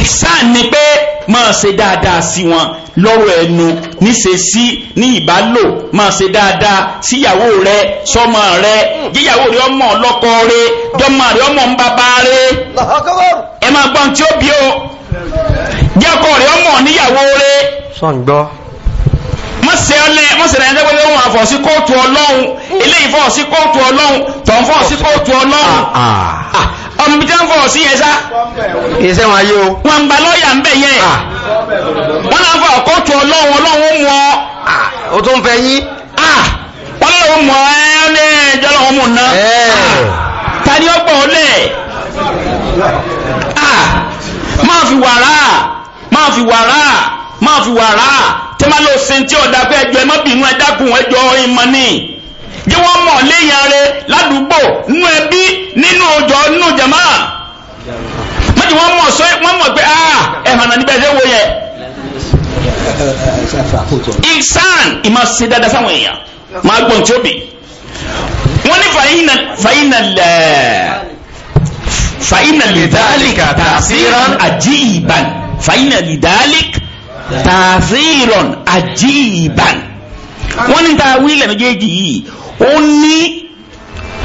ìsàn ni pé máa ṣe dáadáa sí wọn lọ́rọ̀ ẹnu níṣesí ní ìbálò máa ṣe dáadáa síyàwó rẹ sọmọ rẹ yíyàwó rẹ ọmọ ọlọ́kọ rẹ jọmọ rẹ ọmọ ń bàbá rẹ ẹ máa gbọ́n tí ó bí o jẹ́kọ̀ rẹ ọmọ níyàwó rẹ. sọ̀ǹgbọ́ mọ̀sẹ̀ ọlẹ́ mọ̀sẹ̀ rẹ̀ ẹ̀dẹ́gbẹ́ lóhun àfọ̀sí kóòtù ọlọ́run eléyìí fọ̀sí kóòtù ọlọ́run tọ̀hún fọ̀sí kóòtù ọlọ́run. Ah, ah. Ah, ọmọ bíi tí wọ́n fọ̀ sí yẹn sá. iṣẹ́ wọn ayé o. wọn gba lọ́ọ̀yà ń bẹ̀ yẹn. Ah. wọn náà fọ kóòtù ọlọ́run ọlọ́run mú ọ. o tó ń fẹ́ yín. ọlọ́run ah, mú ọ ẹ ẹ jọ lọ́wọ́ mú ná. Ah, tani ọgbà ọlẹ. máa fi wàrà máa fi wàrà máa fi wàrà tí wọ́n lọ sin ọ̀dà pé ẹjọ́ ẹ má bínú ẹ dákun ẹjọ́ ìmọ̀ ni jẹ́ wọ́n mọ̀ léyìn ààrẹ ládùúgbò nínú ẹbí nínú òjò nínú jàmá mọ́jú wọ́n mọ̀ sọ wọ́n mọ̀ pé ah ẹ̀hàn náà níbẹ̀ ṣe wo yẹ. ìsàn ìmọ̀ ṣe dáadáa sáwọn èèyàn máa gbọ́n tí ó bì wọ́n ní fàyínà lẹ̀ fàyínà lidhalika tàṣírán àjíìbàn fàyínà lidhalika tàṣírán àjíìbàn wọ́n ní ta wílẹ̀ méjèèjì yìí ó ní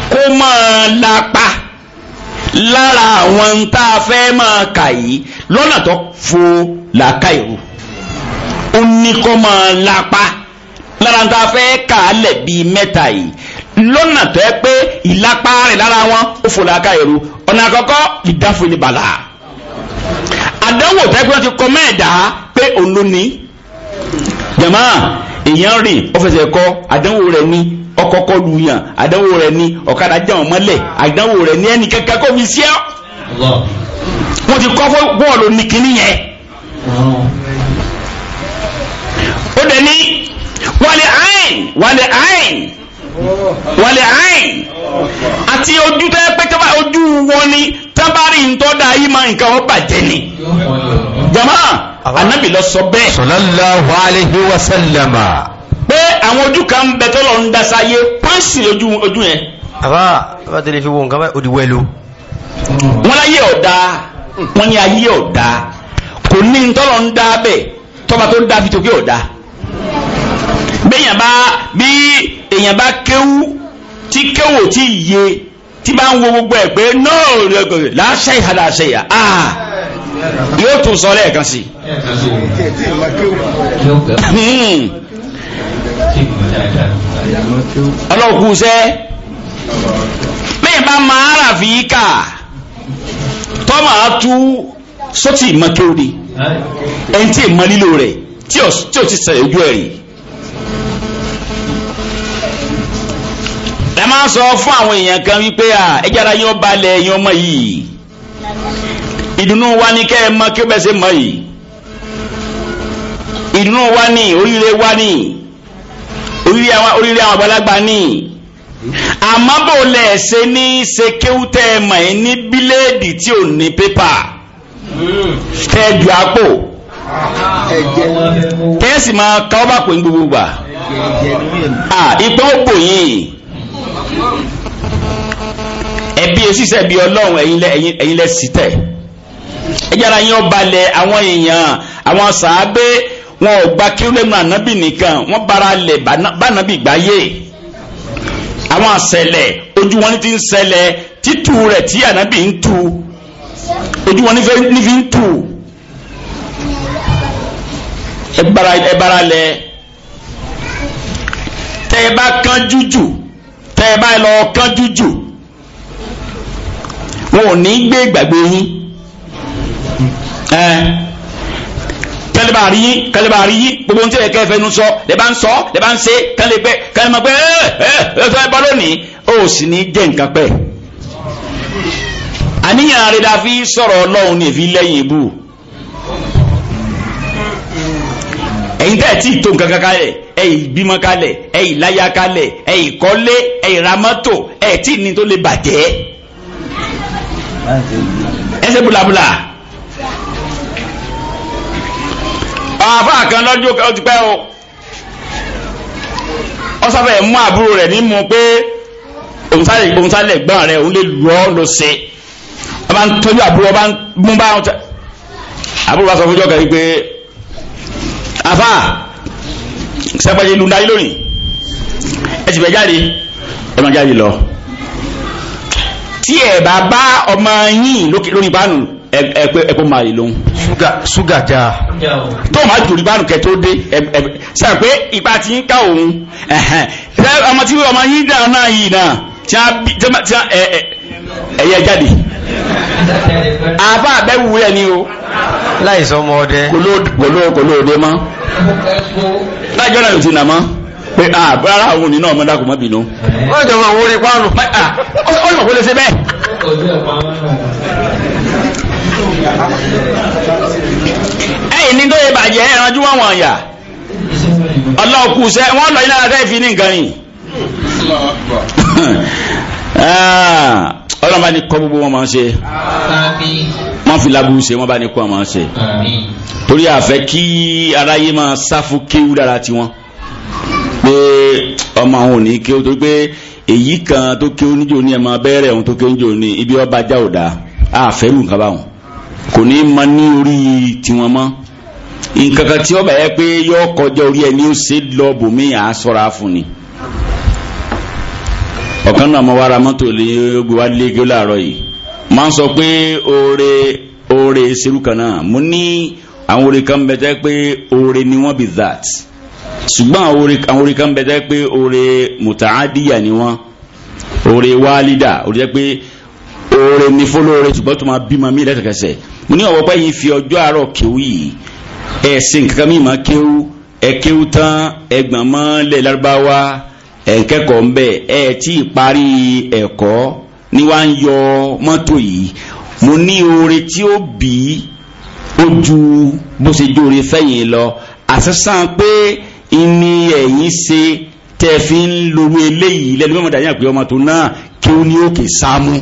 kó máa lapa lára àwọn tá a fẹ́ máa kà yìí lọ́nà tó fo làákàyèrò ó ní kó máa lapa lára tá a fẹ́ kà á lẹ̀ bíi mẹ́ta yìí lọ́nà tó yẹ pé ìlapa rẹ̀ lára wọn ó fò làákàyèrò ọ̀nà àkọ́kọ́ ìdáfo ni bàlá àdánwò tó yẹ pé wọ́n ti kọ́ mẹ́ẹ̀dá pé òun ló ní jàmáà èèyàn rìn ó fẹsẹ̀ kọ àdánwò rẹ̀ ní ọkọ̀ọ̀kọ̀ lu yàn àdánwò ni ọ̀kadà jẹ́ wọn mọ́lẹ̀ àdánwò ni ẹnì kankan kò fi sí ọ́ wọ́n ti kọ́ fún bọ́ọ̀lù yẹn ó dẹ̀ ní wàlẹ̀ àìn wàlẹ̀ àìn wàlẹ̀ àìn àti ojú tẹ́ pé ojú wọn ni tábàrí ntọ́dà yìí máa nǹkan wọn bàjẹ́ ni jama anabi lọ sọ bẹ́ẹ̀. sallallahu alaihi wa sallama pé àwọn ojú kan ń bẹ tọ́lọ̀ ń dá sáyé pọ́ǹsì lójú ojú yẹn. àbá àbá tẹ̀lé fi wo nǹkan báyìí ó di wẹ́lú. wọ́n láyé ọ̀dà wọ́n ní ayé ọ̀dà kò ní tọ́lọ̀ ń dá bẹ́ẹ̀ tọ́ba tó ń dá fi tòkè ọ̀dà. béèyàn bá bí èèyàn bá kéwú tí kéwú ò tí yé tí bá ń wo gbogbo ẹ̀ pé náà láṣẹ ìhà láṣẹ ìhà ah, yóò tún sọ lẹ́ẹ̀kan sí ọlọ́kù sẹ́ mẹ́yìn bá máa rà fi kà tọ́ máa tú sọ́tì ìmọ̀kéwòde ẹni tí èèmọ̀ lílo rẹ̀ tí ò ti sẹ̀ ojú ẹ̀ rí. ẹ máa sọ fún àwọn èèyàn kan wípé ẹjẹ́ ara yín ọba alẹ̀ ọmọ yìí ìdùnnú wa ni kẹ́ ẹ mọ kí ó bẹ́ẹ̀ ṣe mọ yìí ìdùnnú wa ni oríire wa ni oríire àwọn àgbàlagbà ni àmọ́ bò lẹ̀ ṣe ní ṣe kéwútẹ́ mọ̀ ẹ́ ní bíléèdì tí ò ní pépà tẹ́ ju àpò kẹ́sì máa ka ọ́ bá pè ní gbogbo gbà ìpín òpò yìí ẹbí esísẹ́ bí ọlọ́run ẹ̀yin lẹ́sìtẹ̀ ẹ̀yára yín ọbalẹ̀ àwọn èèyàn àwọn sàábé wọn ò gba kí lẹ́nu ànábì nìkan wọ́n bára lẹ̀ bánábì gbáyé àwọn àṣẹlẹ̀ ojú wọn ti ń ṣẹlẹ̀ títù rẹ̀ tí ànábì ń tu ojú wọn nífi ń tu ẹ bára lẹ̀ tẹ́ ẹ bá kán jújù tẹ́ ẹ bá lọ kán jújù wọn ò ní gbé ìgbàgbé yín. Eh kẹlẹ́bà rí yín kẹlẹ́bà rí yín gbogbo ohun tí ẹ̀kẹ́ fẹ́ nu sọ lè bá ń sọ lè bá ń ṣe kẹlẹ́ pẹ́ kẹlẹ́ mọ̀ pé ẹ eh, eh, ẹ fẹ́ lónìí ó sì ní jẹ́ nǹkan pẹ́. àníyàn rẹ̀ la fi sọ̀rọ̀ ọlọ́run ní èfi lẹ́yìn ibú. ẹ̀yin tẹ́ ẹ̀ tí ì tó nǹkan kankan lẹ̀ ẹ̀ ì bímọ kalẹ̀ ẹ̀ láyà kalẹ̀ ẹ̀ kọ́lé ẹ̀ ì ẹ̀ tí ì ní tó lè bàjẹ́. ẹ ṣe bùlàbùlà. àáfà kan lọ́jọ́ kan ó ti pẹ́ o ọ sábẹ̀ mú àbúrò rẹ̀ nímú pé òun sálẹ̀ gbọ́n rẹ̀ òun lè lù ọ́ lọ sí ọ bá ń tọ́jú àbúrò ọ bá ń mú bá wọn àbúrò bá sọ fún jọ́kẹ́ wípé àáfà sẹ́pẹ́jì lu dáyé lónìí ẹ sì fẹ́ jáde ẹ máa jáde lọ tí ẹ bá bá ọmọ yín lórí ìbánu ẹ pé ẹ kó máa lè lóhun ṣúgà já tó máa jòrí bá nùkẹ́ tó dé sẹ́yìn pé ìgbà tí ń ká òun ọmọ tí ọmọ yín dáa náà yìí náà tí a jáde àbá àbẹ́wù rẹ̀ ni o láìsọ ọmọ ọdẹ kò lóòdé mọ́ láìjọ́ náà yóò ti nà mọ́ pé àbára àwọn òní náà mọ́dákù mọ́ bínú wọ́n jọ máa wọ́n rí ó lè mọ̀ kó lè ṣe bẹ́ẹ̀ ẹ̀yìn ní tó yẹ bàjẹ́ ẹ̀ranjú wọn wọ̀n yà ọlọ́ọ̀kù sẹ́ wọ́n lọ iná rẹ̀ fi ní nǹkan yìí ah, ọlọ́run bá ní kọ́ gbogbo wọn máa ń ṣe wọ́n fi laburú ṣe wọ́n bá ní kọ́ wọn máa ń ṣe torí àfẹ́ kí aráyé máa sáfù kéwú dára tiwọn pé ọmọ àwọn òní kéwú torí pé èyí kan tó kéwú níjò ní ẹ̀ máa bẹ́ẹ̀rẹ̀ òun tó kéwú níjò ní ibi ọba já ò dáa àfẹ́rù nǹkan báwọn. kò ní ma ní orí tiwọn mọ́ nǹkan kan tí ó bá yẹ pé yọ kọjá orí ẹni ó ṣe lọ bòmí à sọ́ra fún ni ọ̀kan náà mo wá ra mọ́tò lé gbé wá lé gbé láàárọ̀ yìí máa ń sọ pé oore oore ṣerú kan náà mo ní àwọn oore kan bẹ tẹ́ pé oore ni wọ́n bí that ṣùgbọ́n àwọn oore kan bẹ tẹ́ pé oore mùtàádìyà ni wọ́n oore wálídà oore tẹ́ pé oore ní fọlọ́ọ̀rẹ́ ṣùgbọ́n tó máa bímọ mí lẹ́kẹ̀kẹsẹ̀ mo ní ọ̀wọ́ pé yìí fi ọjọ́ àárọ̀ kéwú yìí ẹ̀sìn kankan mi máa kéwú ẹ kéwú tán ẹgbọ̀n mọ́ lẹ̀ lárúbáwá ẹ̀ ń kẹ́kọ̀ọ́ ń bẹ̀ ẹ̀ tí ì parí ẹ̀kọ́ ni wá ń yọ mọ́tò yìí mo ní oore tí ó bì í ó ju bó ṣe jóore fẹ́yìn lọ àṣẹṣàn pé ìní ẹ̀yìn ṣe tẹ́ fi ń lorú eléyìí lẹ́nu mọ́mọ́dá yàn pé ọmọ tó náà kí ó ní òkè sáámú.